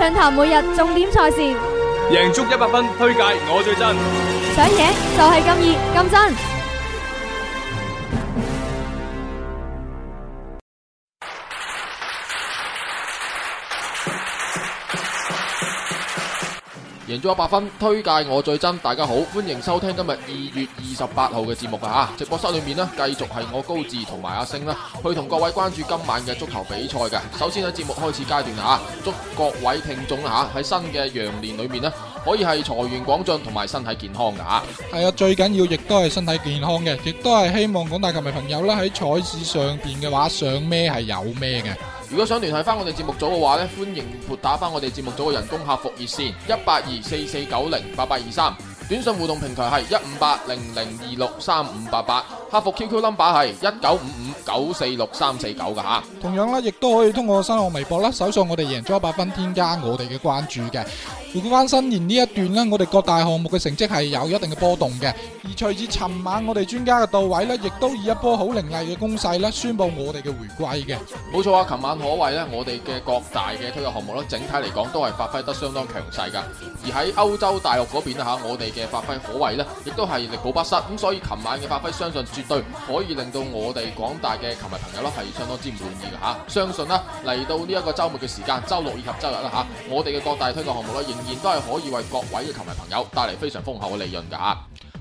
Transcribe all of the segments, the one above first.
暢談每日重點賽事，贏足一百分推介，我最真，想贏就係咁易咁真。贏咗 100FUN，推介我最真。大家好，歡迎收聽今日二月二十八號嘅節目噶吓，直播室裏面咧繼續係我高志同埋阿星啦，去同各位關注今晚嘅足球比賽嘅。首先喺節目開始階段啊，祝各位聽眾吓喺新嘅羊年裏面咧可以係財源廣進同埋身體健康噶吓。係啊，最緊要亦都係身體健康嘅，亦都係希望廣大球迷朋友啦喺彩市上邊嘅話，想咩係有咩嘅。如果想聯繫返我哋節目組嘅話呢，歡迎撥打返我哋節目組嘅人工客服熱線一八二四四九零八八二三，短信互動平台係一五八零零二六三五八八。客服 QQnumber 係一九五五九四六三四九噶吓，同樣啦，亦都可以通過新浪微博啦，搜索我哋贏足 100FUN，添加我哋嘅關注嘅。回顧翻新年呢一段咧，我哋各大項目嘅成績係有一定嘅波動嘅，而隨住尋晚我哋專家嘅到位咧，亦都以一波好凌厲嘅攻勢咧，宣布我哋嘅回歸嘅。冇錯啊，尋晚可謂咧，我哋嘅各大嘅推介項目咧，整體嚟講都係發揮得相當強勢噶。而喺歐洲大陸嗰邊啊吓，我哋嘅發揮可謂咧，亦都係力保不失。咁所以尋晚嘅發揮，相信。絕對可以令到我哋廣大嘅球迷朋友咯，係相當之滿意嘅吓、啊。相信啦，嚟到呢一個周末嘅時間，周六以及周日啦吓、啊，我哋嘅各大推廣項目咧，仍然都係可以為各位嘅球迷朋友帶嚟非常豐厚嘅利潤嘅吓。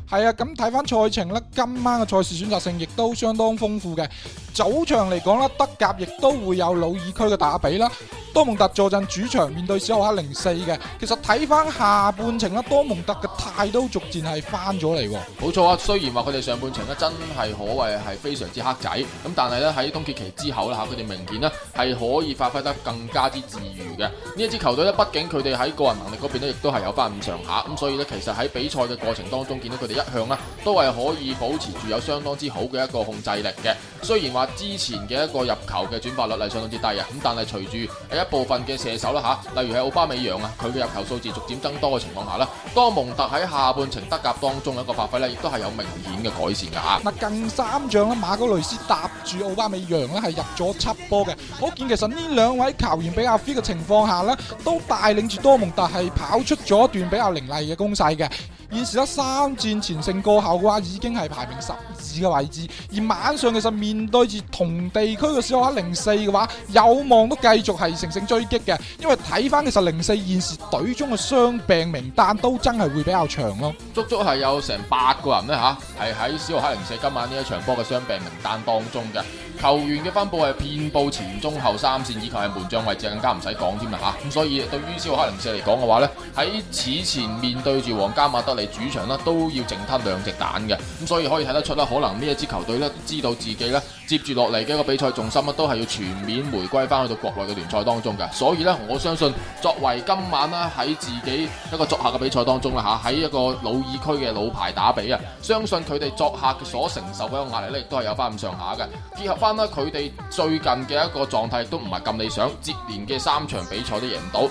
係啊，咁睇翻賽程咧，今晚嘅賽事選擇性亦都相當豐富嘅。早場嚟講咧，德甲亦都會有魯爾區嘅打比啦。多蒙特坐鎮主場面對沙爾克零四嘅，其實睇翻下半程啦，多蒙特嘅態都逐漸係翻咗嚟。冇錯啊，雖然話佢哋上半程呢真係可謂係非常之黑仔，咁但係咧，喺冬歇期之後啦吓，佢哋明顯呢係可以發揮得更加之自如嘅。呢一支球隊呢，畢竟佢哋喺個人能力嗰邊呢亦都係有翻咁上下，咁所以呢，其實喺比賽嘅過程當中，見到佢哋一向呢都係可以保持住有相當之好嘅一個控制力嘅。雖然話之前嘅一個入球嘅轉化率係相當之低啊，咁但係隨住部分嘅射手啦吓，例如係奧巴美揚啊，佢嘅入球數字逐漸增多嘅情況下啦，多蒙特喺下半程德甲當中一個發揮呢，亦都係有明顯嘅改善㗎嚇。嗱，近三仗咧，馬哥雷斯搭住奧巴美揚呢係入咗七波嘅，可見其實呢兩位球員比較 fit 嘅情況下呢，都帶領住多蒙特係跑出咗一段比較凌厲嘅攻勢嘅。現時呢，三戰全勝過後嘅話，已經係排名十嘅位置，而晚上其實面對住同地區嘅小哈零四嘅話，有望都繼續係乘勝追擊嘅，因為睇翻其實零四現時隊中嘅傷病名單都真係會比較長咯，足足係有成八個人咧吓，係、啊、喺小哈零四今晚呢一場波嘅傷病名單當中嘅。球員嘅分佈係遍佈前中後三線，以及係門將位置更加唔使講添啦吓。咁、啊、所以對於小黑林社嚟講嘅話呢，喺此前面對住皇家馬德里主場呢，都要淨吞兩隻蛋嘅。咁所以可以睇得出啦，可能呢一支球隊呢，知道自己呢接住落嚟嘅一個比賽重心呢，都係要全面回歸翻去到國內嘅聯賽當中嘅。所以呢，我相信作為今晚呢，喺自己一個作客嘅比賽當中啦吓，喺、啊、一個魯爾區嘅老牌打比啊，相信佢哋作客所承受嘅一個壓力呢，亦都係有翻咁上下嘅。結合翻。佢哋最近嘅一個狀態都唔係咁理想，接連嘅三場比賽都贏唔到，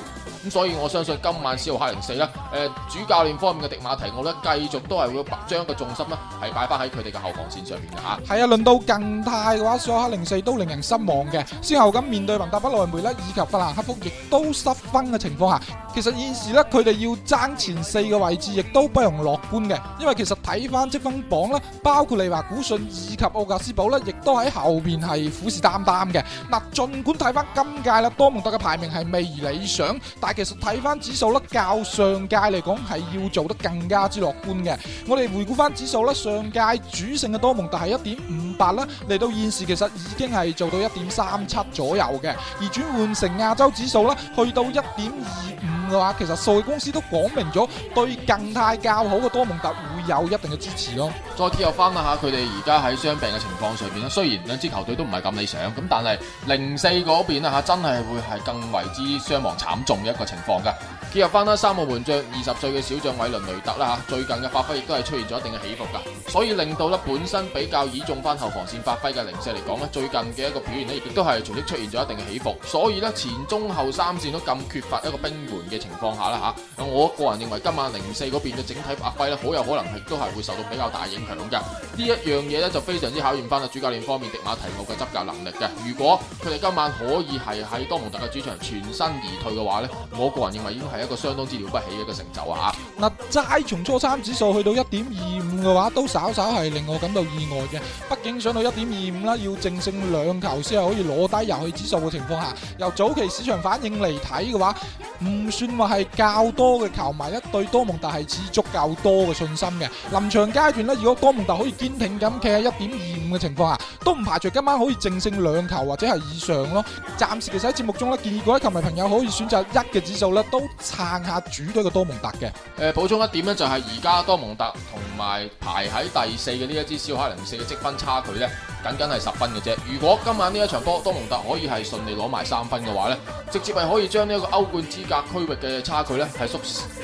咁所以我相信今晚斯洛卡零四咧，誒，主教練方面嘅迪馬提，我覺得繼續都係會將個重心呢係擺翻喺佢哋嘅後防線上面嘅吓。係啊，輪到近泰嘅話，斯洛卡零四都令人失望嘅，之後咁面對雲達不萊梅咧以及法蘭克福，亦都失分嘅情況下。其實現時咧，佢哋要爭前四個位置，亦都不容樂觀嘅。因為其實睇翻積分榜啦，包括你話古信以及奧格斯堡咧，亦都喺後面係虎視眈眈嘅。嗱，儘管睇翻今屆啦，多蒙特嘅排名係未理想，但係其實睇翻指數咧，較上屆嚟講係要做得更加之樂觀嘅。我哋回顧翻指數啦，上屆主勝嘅多蒙特係一點五八啦，嚟到現時其實已經係做到一點三七左右嘅，而轉換成亞洲指數啦，去到一點二五。嘅話，其實數據公司都講明咗，對近態較好嘅多蒙特會有一定嘅支持咯。再之後翻啦吓，佢哋而家喺傷病嘅情況上邊咧，雖然兩支球隊都唔係咁理想，咁但係零四嗰邊啊吓，真係會係更為之傷亡慘重嘅一個情況噶。結合翻啦，三個門將，二十歲嘅小將韋倫雷特啦嚇，最近嘅發揮亦都係出現咗一定嘅起伏㗎，所以令到咧本身比較倚重翻後防線發揮嘅零四嚟講咧，最近嘅一個表現呢亦都係重啲出現咗一定嘅起伏，所以呢，前中後三線都咁缺乏一個兵援嘅情況下啦嚇，我個人認為今晚零四嗰邊嘅整體發揮呢，好有可能係都係會受到比較大影響㗎，呢一樣嘢呢，就非常之考驗翻主教練方面迪馬提奧嘅執教能力嘅，如果佢哋今晚可以係喺多蒙特嘅主場全身而退嘅話呢，我個人認為已經係係一個相當之了不起嘅一個成就啊！嗱，齋從初三指數去到一點二五嘅話，都稍稍係令我感到意外嘅。畢竟上到一點二五啦，要淨勝兩球先係可以攞低遊戲指數嘅情況下，由早期市場反應嚟睇嘅話。唔算話係較多嘅球迷，一對多蒙特係持足較多嘅信心嘅。臨場階段咧，如果多蒙特可以堅挺咁企喺一點二五嘅情況下，都唔排除今晚可以淨勝兩球或者係以上咯。暫時其實喺節目中咧，建議各位球迷朋友可以選擇一嘅指數咧，都撐下主隊嘅多蒙特嘅。誒、呃，補充一點咧，就係而家多蒙特同埋排喺第四嘅呢一支小黑零四嘅積分差距咧。僅僅係十分嘅啫。如果今晚呢一場波多蒙特可以係順利攞埋三分嘅話呢，直接係可以將呢一個歐冠資格區域嘅差距呢係縮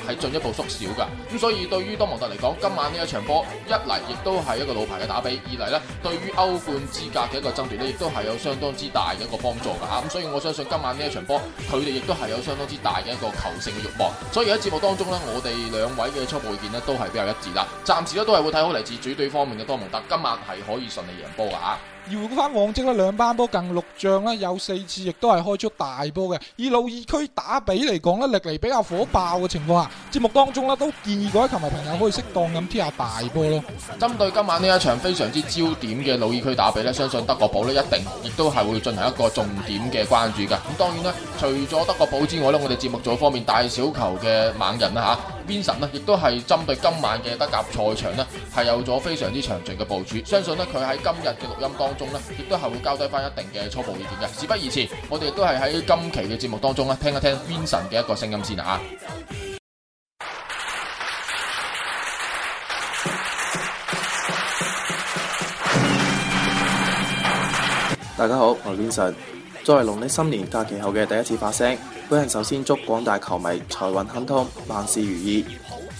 係進一步縮小㗎。咁所以對於多蒙特嚟講，今晚呢一場波一嚟亦都係一個老牌嘅打比，二嚟呢對於歐冠資格嘅一個爭奪呢亦都係有相當之大嘅一個幫助噶吓。咁所以我相信今晚呢一場波，佢哋亦都係有相當之大嘅一個求勝嘅欲望。所以喺節目當中呢，我哋兩位嘅初步意見呢都係比較一致啦。暫時咧都係會睇好嚟自主隊方面嘅多蒙特，今晚係可以順利贏波噶。而回顧翻往績呢兩班波近六仗呢，有四次亦都係開出大波嘅。以魯爾區打比嚟講呢歷嚟比較火爆嘅情況下，節目當中呢都建議嗰啲球迷朋友可以適當咁聽下大波咯。針對今晚呢一場非常之焦點嘅魯爾區打比呢，相信德國寶呢一定亦都係會進行一個重點嘅關注噶。咁當然呢，除咗德國寶之外呢，我哋節目組方面大小球嘅猛人啦吓 v 神 n 亦都係針對今晚嘅德甲賽場咧，係有咗非常之詳盡嘅部署。相信咧佢喺今日嘅錄音當中咧，亦都係會交代翻一定嘅初步意見嘅。事不宜遲，我哋亦都係喺今期嘅節目當中咧，聽一聽 v 神嘅一個聲音先啊！大家好，我係 v i n c e n 作為農曆新年假期後嘅第一次發聲，本人首先祝廣大球迷財運亨通，萬事如意。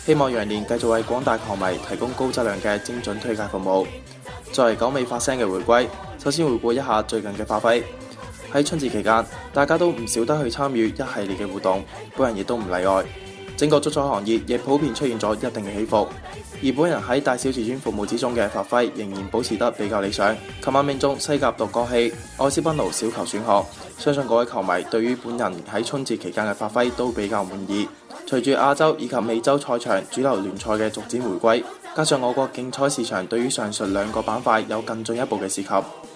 希望羊年繼續為廣大球迷提供高質量嘅精準推介服務。作為九尾發聲嘅回歸，首先回顧一下最近嘅發揮。喺春節期間，大家都唔少得去參與一系列嘅活動，本人亦都唔例外。整個足彩行業亦普遍出現咗一定嘅起伏，而本人喺大小至尊服務之中嘅發揮仍然保持得比較理想。琴晚命中西甲獨角戲，愛斯賓奴小球選項，相信各位球迷對於本人喺春節期間嘅發揮都比較滿意。隨住亞洲以及美洲賽場主流聯賽嘅逐漸回歸，加上我國競賽市場對於上述兩個板塊有更進一步嘅涉及，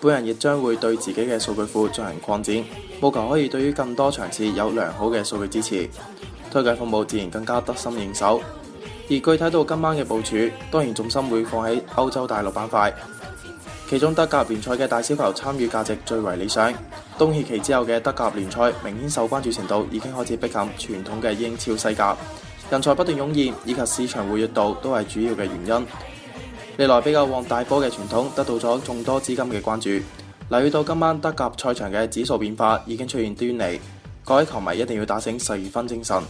本人亦將會對自己嘅數據庫進行擴展，務求可以對於更多場次有良好嘅數據支持。推介服務自然更加得心應手，而具體到今晚嘅部署，當然重心會放喺歐洲大陸板塊，其中德甲聯賽嘅大小球參與價值最為理想。冬歇期之後嘅德甲聯賽明顯受關注程度已經開始逼近傳統嘅英超西甲，人才不斷湧現，以及市場活躍度都係主要嘅原因。歷來比較旺大波嘅傳統得到咗眾多資金嘅關注，留意到今晚德甲賽場嘅指數變化已經出現端倪。各位球迷一定要打醒十二分精神，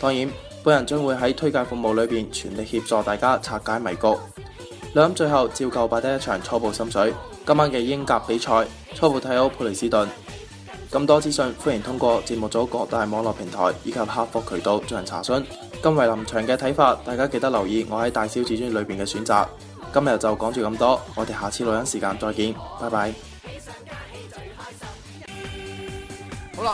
當然本人將會喺推介服務裡邊全力協助大家拆解迷局。兩最後照舊擺低一場初步心水，今晚嘅英甲比賽初步睇好普利斯頓。咁多資訊歡迎通過節目組各大網絡平台以及客服渠道進行查詢。今為臨場嘅睇法，大家記得留意我喺大小至尊裡邊嘅選擇。今日就講住咁多，我哋下次錄音時間再見，拜拜。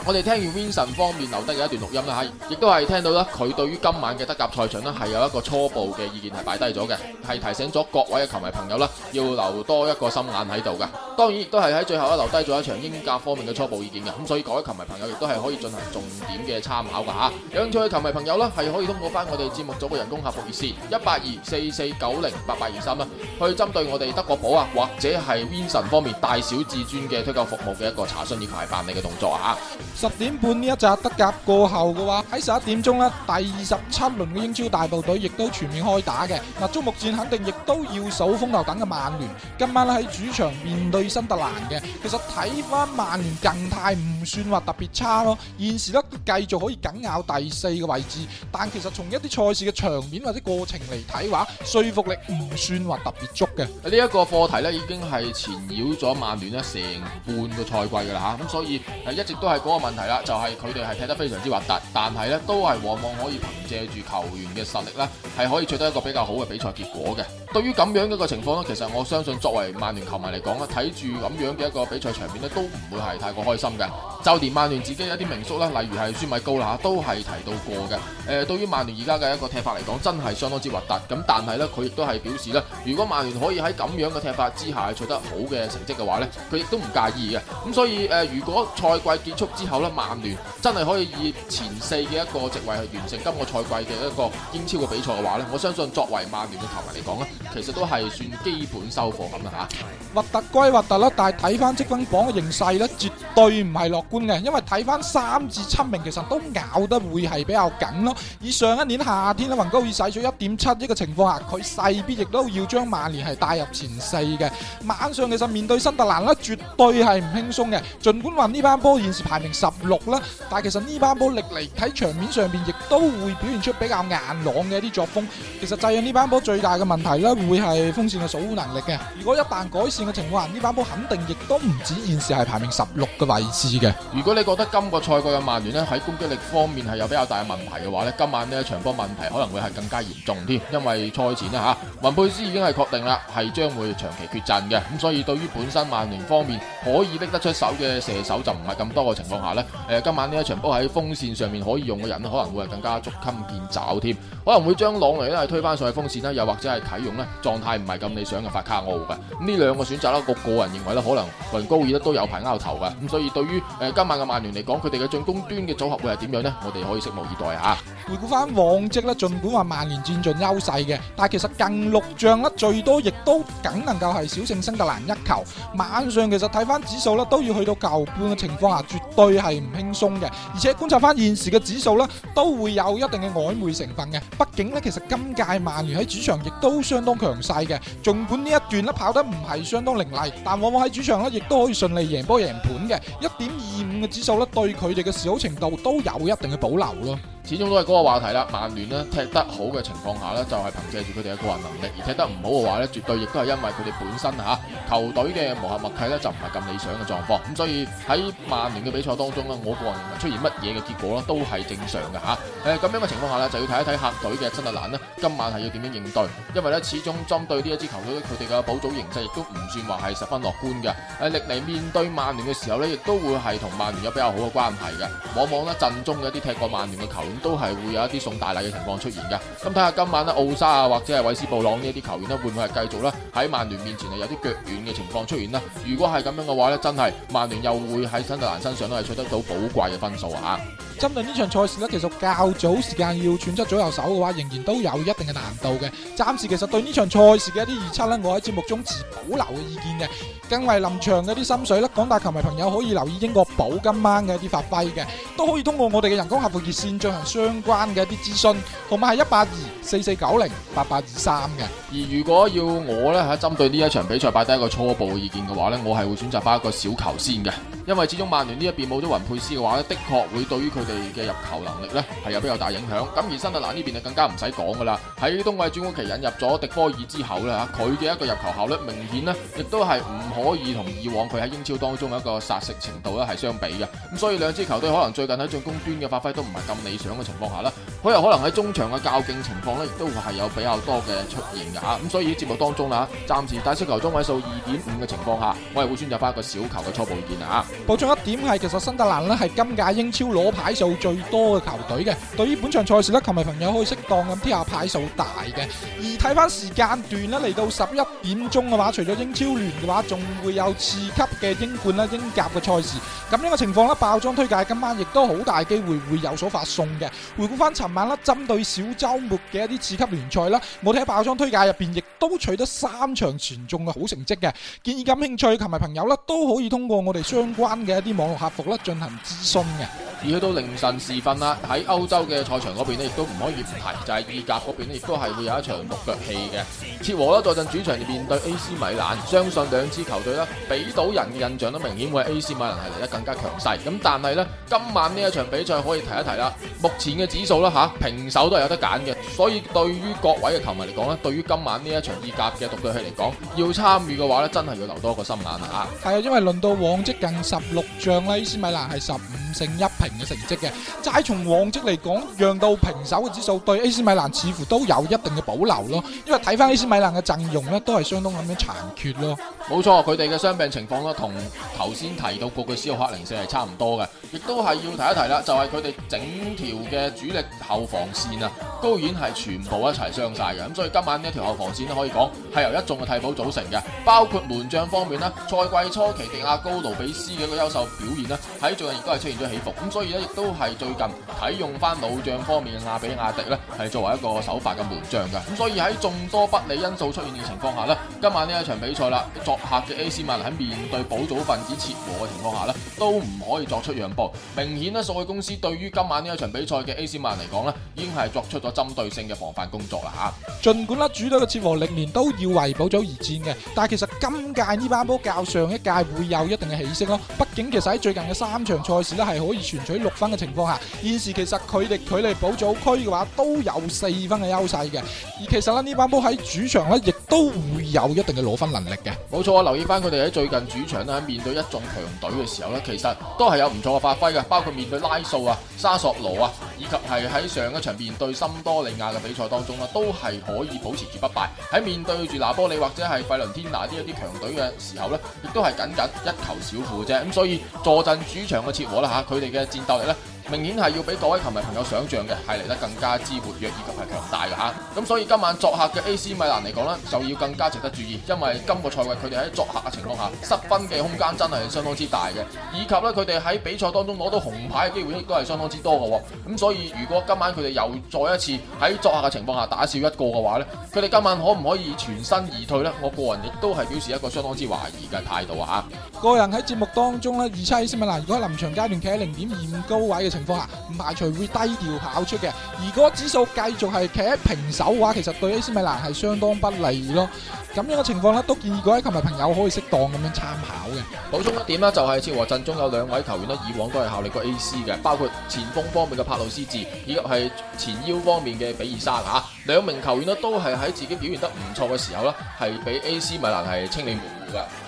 我哋聽完 Vincent 方面留低嘅一段錄音啦，亦都係聽到咧，佢對於今晚嘅德甲賽場呢係有一個初步嘅意見係擺低咗嘅，係提醒咗各位嘅球迷朋友啦，要留多一個心眼喺度㗎。當然亦都係喺最後咧留低咗一場英甲方面嘅初步意見嘅，咁所以各位球迷朋友亦都係可以進行重點嘅參考噶吓。有興趣嘅球迷朋友呢係可以通過翻我哋節目組嘅人工客服熱線一八二四四九零八八二三啦，去針對我哋德國寶啊或者係 Vincent 方面大小至尊嘅推介服務嘅一個查詢以及辦理嘅動作啊。十點半呢一扎德甲過後嘅話，喺十一點鐘咧，第二十七輪嘅英超大部隊亦都全面開打嘅。嗱，足目戰肯定亦都要數風頭等嘅曼聯，今晚咧喺主場面對新特蘭嘅。其實睇翻曼聯近態唔算話特別差咯，現時咧繼續可以緊咬第四嘅位置，但其實從一啲賽事嘅場面或者過程嚟睇話，說服力唔算話特別足嘅。呢一個課題咧已經係纏繞咗曼聯咧成半個賽季噶啦吓，咁所以係一直都係。個問題啦，就係佢哋係踢得非常之核突，但係咧都係往往可以憑借住球員嘅實力咧，係可以取得一個比較好嘅比賽結果嘅。對於咁樣嘅一個情況咧，其實我相信作為曼聯球迷嚟講咧，睇住咁樣嘅一個比賽場面咧，都唔會係太過開心嘅。就連曼聯自己一啲名宿啦，例如係舒米高啦，都係提到過嘅。誒、呃，對於曼聯而家嘅一個踢法嚟講，真係相當之核突。咁但係呢，佢亦都係表示呢，如果曼聯可以喺咁樣嘅踢法之下，取得好嘅成績嘅話呢，佢亦都唔介意嘅。咁所以誒、呃，如果賽季結束之後呢，曼聯真係可以以前四嘅一個席位去完成今個賽季嘅一個英超嘅比賽嘅話呢，我相信作為曼聯嘅球迷嚟講呢，其實都係算基本收貨咁啦嚇。核突歸核突啦，但係睇翻積分榜嘅形勢呢絕對唔係落。嘅，因為睇翻三至七名其實都咬得會係比較緊咯。以上一年夏天咧，雲高爾使咗一點七億嘅情況下，佢勢必亦都要將曼聯係帶入前四嘅。晚上其實面對新特蘭咧，絕對係唔輕鬆嘅。儘管話呢班波現時排名十六啦，但係其實呢班波歷嚟喺場面上面亦都會表現出比較硬朗嘅一啲作風。其實制約呢班波最大嘅問題呢，會係風扇嘅守護能力嘅。如果一旦改善嘅情況下，呢班波肯定亦都唔止現時係排名十六嘅位置嘅。如果你覺得今個賽季嘅曼聯咧，喺攻擊力方面係有比較大嘅問題嘅話呢，今晚呢一場波問題可能會係更加嚴重添，因為賽前咧嚇，雲佩斯已經係確定啦，係將會長期缺陣嘅，咁所以對於本身曼聯方面可以搦得出手嘅射手就唔係咁多嘅情況下呢，誒今晚呢一場波喺鋒線上面可以用嘅人可能會係更加捉襟見肘添，可能會將朗尼咧推返上去鋒線啦，又或者係啟用呢狀態唔係咁理想嘅法卡奧嘅，咁呢兩個選擇咧，個個人認為呢可能雲高爾都有排拗頭嘅，咁所以對於今晚嘅曼聯嚟講，佢哋嘅進攻端嘅組合會係點樣咧？我哋可以拭目以待啊！回顧翻往績咧，盡管話曼聯佔盡優勢嘅，但係其實近六仗咧最多亦都僅能夠係小勝新特蘭一球。晚上其實睇翻指數咧，都要去到球半嘅情況下，絕對係唔輕鬆嘅。而且觀察翻現時嘅指數咧，都會有一定嘅曖昧成分嘅。畢竟咧，其實今屆曼聯喺主場亦都相當強勢嘅。盡管呢一段咧跑得唔係相當凌厲，但往往喺主場咧亦都可以順利贏波贏盤嘅。一點二。五嘅指數咧，對佢哋嘅示好程度都有一定嘅保留咯。始終都係嗰個話題啦，曼聯咧踢得好嘅情況下呢就係憑借住佢哋嘅個人能力；而踢得唔好嘅話呢絕對亦都係因為佢哋本身吓、啊、球隊嘅磨合默契呢，就唔係咁理想嘅狀況。咁所以喺曼聯嘅比賽當中呢，我個人認為出現乜嘢嘅結果咧都係正常嘅吓。咁、啊啊、樣嘅情況下呢，就要睇一睇客隊嘅新特蘭呢今晚係要點樣應對，因為呢，始終針對呢一支球隊佢哋嘅保組形勢亦都唔算話係十分樂觀嘅。誒、啊，歷來面對曼聯嘅時候呢，亦都會係同曼聯有比較好嘅關係嘅，往往呢，陣中嘅一啲踢過曼聯嘅球員。都係會有一啲送大禮嘅情況出現嘅，咁睇下今晚啊，奧沙啊，或者係韋斯布朗呢啲球員咧，會唔會係繼續咧喺曼聯面前啊有啲腳軟嘅情況出現咧？如果係咁樣嘅話咧，真係曼聯又會喺新特蘭身上都係取得到寶貴嘅分數啊！針對呢場賽事咧，其實較早時間要傳出左右手嘅話，仍然都有一定嘅難度嘅。暫時其實對呢場賽事嘅一啲預測咧，我喺節目中持保留嘅意見嘅，更為臨場嘅一啲心水咧，廣大球迷朋友可以留意英國寶今晚嘅一啲發揮嘅，都可以通過我哋嘅人工客服熱線進行。相關嘅一啲資訊，同埋係一八二四四九零八八二三嘅。而如果要我呢，吓針對呢一場比賽擺低一個初步嘅意見嘅話呢，我係會選擇翻一個小球先嘅。因為始終曼聯呢一邊冇咗雲佩斯嘅話，的確會對於佢哋嘅入球能力呢係有比較大影響。咁而新特蘭呢邊就更加唔使講噶啦，喺冬季轉會期引入咗迪波爾之後呢，吓，佢嘅一個入球效率明顯呢亦都係唔可以同以往佢喺英超當中嘅一個殺食程度呢係相比嘅。咁所以兩支球隊可能最近喺進攻端嘅發揮都唔係咁理想嘅情況下啦，佢又可能喺中場嘅較勁情況呢亦都係有比較多嘅出現㗎。吓。咁所以節目當中啦暫時大色球中位數二點五嘅情況下，我係會選擇翻一個小球嘅初步意見啊。補充一點係，其實新特蘭咧係今屆英超攞牌數最多嘅球隊嘅。對於本場賽事咧，球迷朋友可以適當咁睇下牌數大嘅。而睇翻時間段咧，嚟到十一點鐘嘅話，除咗英超聯嘅話，仲會有次級嘅英冠啦、英甲嘅賽事。咁呢個情況咧，爆莊推介今晚亦都好大機會會有所發送嘅。回顧翻尋晚咧，針對小周末嘅一啲次級聯賽啦，我哋喺爆莊推介入邊亦都取得三場全中嘅好成績嘅。建議感興趣球迷朋友啦，都可以通過我哋相關。嘅一啲網絡客服咧進行諮詢嘅，而去到凌晨時分啦，喺歐洲嘅賽場嗰邊咧，亦都唔可以唔提，就係意甲嗰邊咧，亦都係會有一場獨腳戲嘅。切和啦，坐陣主場面對 AC 米蘭，相信兩支球隊咧，俾到人嘅印象都明顯，會係 AC 米蘭係嚟得更加強勢。咁但係呢，今晚呢一場比賽可以提一提啦，目前嘅指數啦吓平手都係有得揀嘅，所以對於各位嘅球迷嚟講呢，對於今晚呢一場意甲嘅獨腳戲嚟講，要參與嘅話呢，真係要留多一個心眼啊！係啊，因為輪到往績近。十六仗呢，AC 米蘭係十五勝一平嘅成績嘅。就喺從往績嚟講，讓到平手嘅指數對 AC 米蘭似乎都有一定嘅保留咯。因為睇翻 AC 米蘭嘅陣容呢，都係相當咁樣殘缺咯。冇錯，佢哋嘅傷病情況呢，同頭先提到過嘅斯奧克零四係差唔多嘅。亦都係要提一提啦，就係佢哋整條嘅主力後防線啊，居然係全部一齊傷晒嘅。咁所以今晚呢一條後防線咧，可以講係由一眾嘅替補組成嘅，包括門將方面呢，賽季初期迪亞高盧比斯。嘅一個優秀表現呢，喺最近亦都係出現咗起伏，咁所以咧亦都係最近啟用翻老將方面嘅阿比亞迪咧，係作為一個首發嘅門將噶，咁所以喺眾多不利因素出現嘅情況下呢，今晚呢一場比賽啦，作客嘅 AC 米蘭喺面對保組分子切和嘅情況下呢，都唔可以作出讓步，明顯呢，數據公司對於今晚呢一場比賽嘅 AC 米蘭嚟講呢，已經係作出咗針對性嘅防範工作啦吓。盡管啦，主隊嘅切和歷年都要為保組而戰嘅，但係其實今屆呢班波較上一屆會有一定嘅起色咯。畢竟其實喺最近嘅三場賽事呢係可以全取六分嘅情況下，現時其實佢哋距離保組區嘅話都有四分嘅優勢嘅。而其實呢，呢班波喺主場呢亦都會有一定嘅攞分能力嘅。冇錯，我留意翻佢哋喺最近主場呢，面對一眾強隊嘅時候呢，其實都係有唔錯嘅發揮嘅，包括面對拉素啊、沙索羅啊，以及係喺上一場面對森多利亞嘅比賽當中啦，都係可以保持住不敗。喺面對住拿波利或者係費倫天拿呢一啲強隊嘅時候呢，亦都係僅僅一球小負啫。咁所以坐鎮主場嘅切和啦，吓，佢哋嘅戰鬥力咧，明顯係要俾各位球迷朋友想像嘅，係嚟得更加之活躍以及係強大嘅嚇。咁所以今晚作客嘅 AC 米蘭嚟講呢，就要更加值得注意，因為今個賽季佢哋喺作客嘅情況下失分嘅空間真係相當之大嘅，以及呢佢哋喺比賽當中攞到紅牌嘅機會亦都係相當之多嘅。咁所以如果今晚佢哋又再一次喺作客嘅情況下打少一個嘅話呢，佢哋今晚可唔可以全身而退呢？我個人亦都係表示一個相當之懷疑嘅態度啊！嚇，個人喺節目當中呢，預測 AC 米蘭如果喺臨場階段企喺零點二五高位嘅情情況下唔排除會低調跑出嘅，如果指數繼續係企喺平手嘅話，其實對 AC 米蘭係相當不利咯。咁樣嘅情況咧，都建議各位球迷朋友可以適當咁樣參考嘅。補充一點呢，就係切沃陣中有兩位球員咧，以往都係效力過 AC 嘅，包括前鋒方面嘅帕魯斯治，以及係前腰方面嘅比爾沙吓，兩、啊、名球員咧都係喺自己表現得唔錯嘅時候呢係俾 AC 米蘭係清理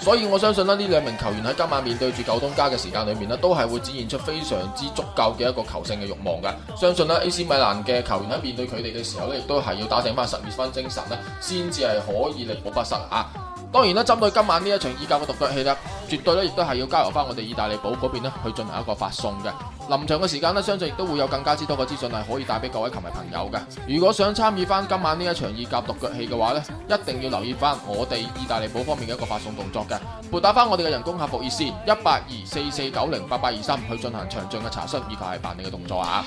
所以我相信呢兩名球員喺今晚面對住舊東家嘅時間裏面呢都係會展現出非常之足夠嘅一個求勝嘅欲望噶。相信呢 AC 米蘭嘅球員喺面對佢哋嘅時候呢亦都係要打醒翻十二分精神呢先至係可以力保不失啊。當然啦，針對今晚呢一場意甲嘅獨腳戲啦，絕對咧亦都係要交流翻我哋意大利寶嗰邊去進行一個發送嘅。臨場嘅時間呢，相信亦都會有更加之多嘅資訊係可以帶俾各位球迷朋友嘅。如果想參與翻今晚呢一場意甲獨腳戲嘅話呢，一定要留意翻我哋意大利寶方面嘅一個發送動作嘅。撥打翻我哋嘅人工客服熱線一八二四四九零八八二三去進行詳盡嘅查詢以及係辦理嘅動作啊！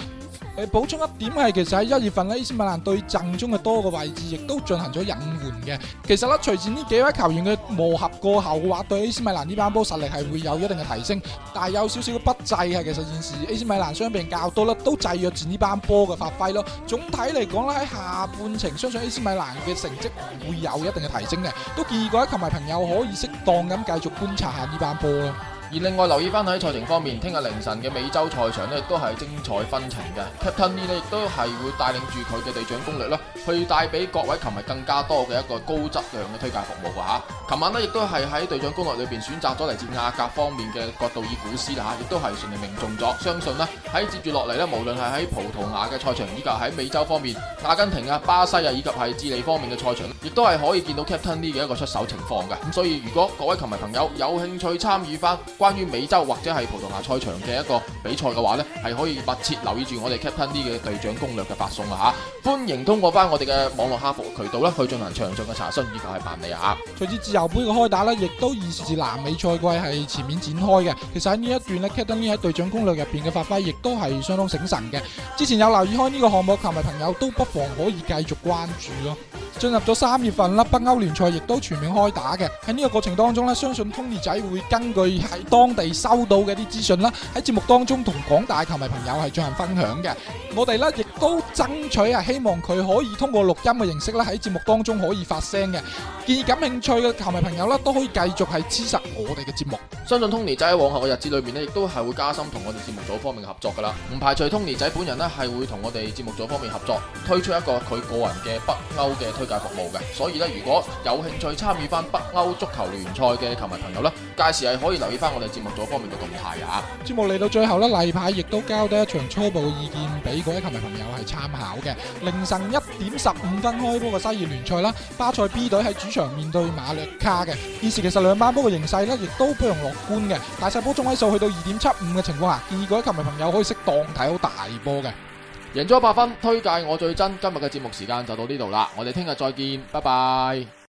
誒，補充一點係，其實喺一月份咧，AC 米蘭對陣中嘅多個位置亦都進行咗引援嘅。其實啦，隨住呢幾位球員嘅磨合過後嘅話，對 AC 米蘭呢班波實力係會有一定嘅提升。但係有少少嘅不濟係，其實現時 AC 米蘭傷病較多啦，都制約住呢班波嘅發揮咯。總體嚟講啦，喺下半程，相信 AC 米蘭嘅成績會有一定嘅提升嘅。都建議各位球迷朋友可以適當咁繼續觀察下呢班波啦。而另外留意翻喺賽程方面，聽日凌晨嘅美洲賽場呢都係精彩紛呈嘅。Captain Lee 呢亦都係會帶領住佢嘅隊長功力攻略咯，去帶俾各位球迷更加多嘅一個高質量嘅推介服務㗎嚇。琴晚呢，亦都係喺隊長攻略裏邊選擇咗嚟自亞格方面嘅國度爾古斯啦嚇，亦都係順利命中咗。相信呢，喺接住落嚟呢，無論係喺葡萄牙嘅賽場，以及喺美洲方面、阿根廷啊、巴西啊，以及係智利方面嘅賽場，亦都係可以見到 Captain Lee 嘅一個出手情況嘅。咁所以如果各位球迷朋友有興趣參與翻，關於美洲或者係葡萄牙賽場嘅一個比賽嘅話呢，係可以密切留意住我哋 Captain Lee 嘅隊長攻略嘅發送啊嚇！歡迎通過翻我哋嘅網絡客服渠道呢去進行詳盡嘅查詢以及係辦理啊嚇！隨住自由杯嘅開打呢，亦都預示住南美賽季係全面展開嘅。其實喺呢一段呢 Captain Lee 喺隊長攻略入邊嘅發揮亦都係相當醒神嘅。之前有留意開呢個項目球迷朋友都不妨可以繼續關注咯。進入咗三月份啦，北歐聯賽亦都全面開打嘅。喺呢個過程當中呢，相信 Tony 仔會根據當地收到嘅啲資訊啦，喺節目當中同廣大球迷朋友係進行分享嘅。我哋咧亦都爭取啊，希望佢可以通過錄音嘅形式咧，喺節目當中可以發聲嘅。建議感興趣嘅球迷朋友啦，都可以繼續係支持我哋嘅節目。相信 Tony 仔喺往後嘅日子裏面呢，亦都係會加深同我哋節目組方面嘅合作噶啦。唔排除 Tony 仔本人呢係會同我哋節目組方面合作，推出一個佢個人嘅北歐嘅推介服務嘅。所以呢，如果有興趣參與翻北歐足球聯賽嘅球迷朋友啦，屆時係可以留意翻。我哋節目組方面嘅動態啊！節目嚟到最後呢，例牌亦都交多一場初步嘅意見俾各位球迷朋友係參考嘅。凌晨一點十五分開波嘅西乙聯賽啦，巴塞 B 隊喺主場面對馬略卡嘅。現時其實兩班波嘅形勢呢亦都非常樂觀嘅。大細波中位數去到二點七五嘅情況下，建議各位球迷朋友可以適當睇好大波嘅，贏咗一百分。推介我最真，今日嘅節目時間就到呢度啦，我哋聽日再見，拜拜。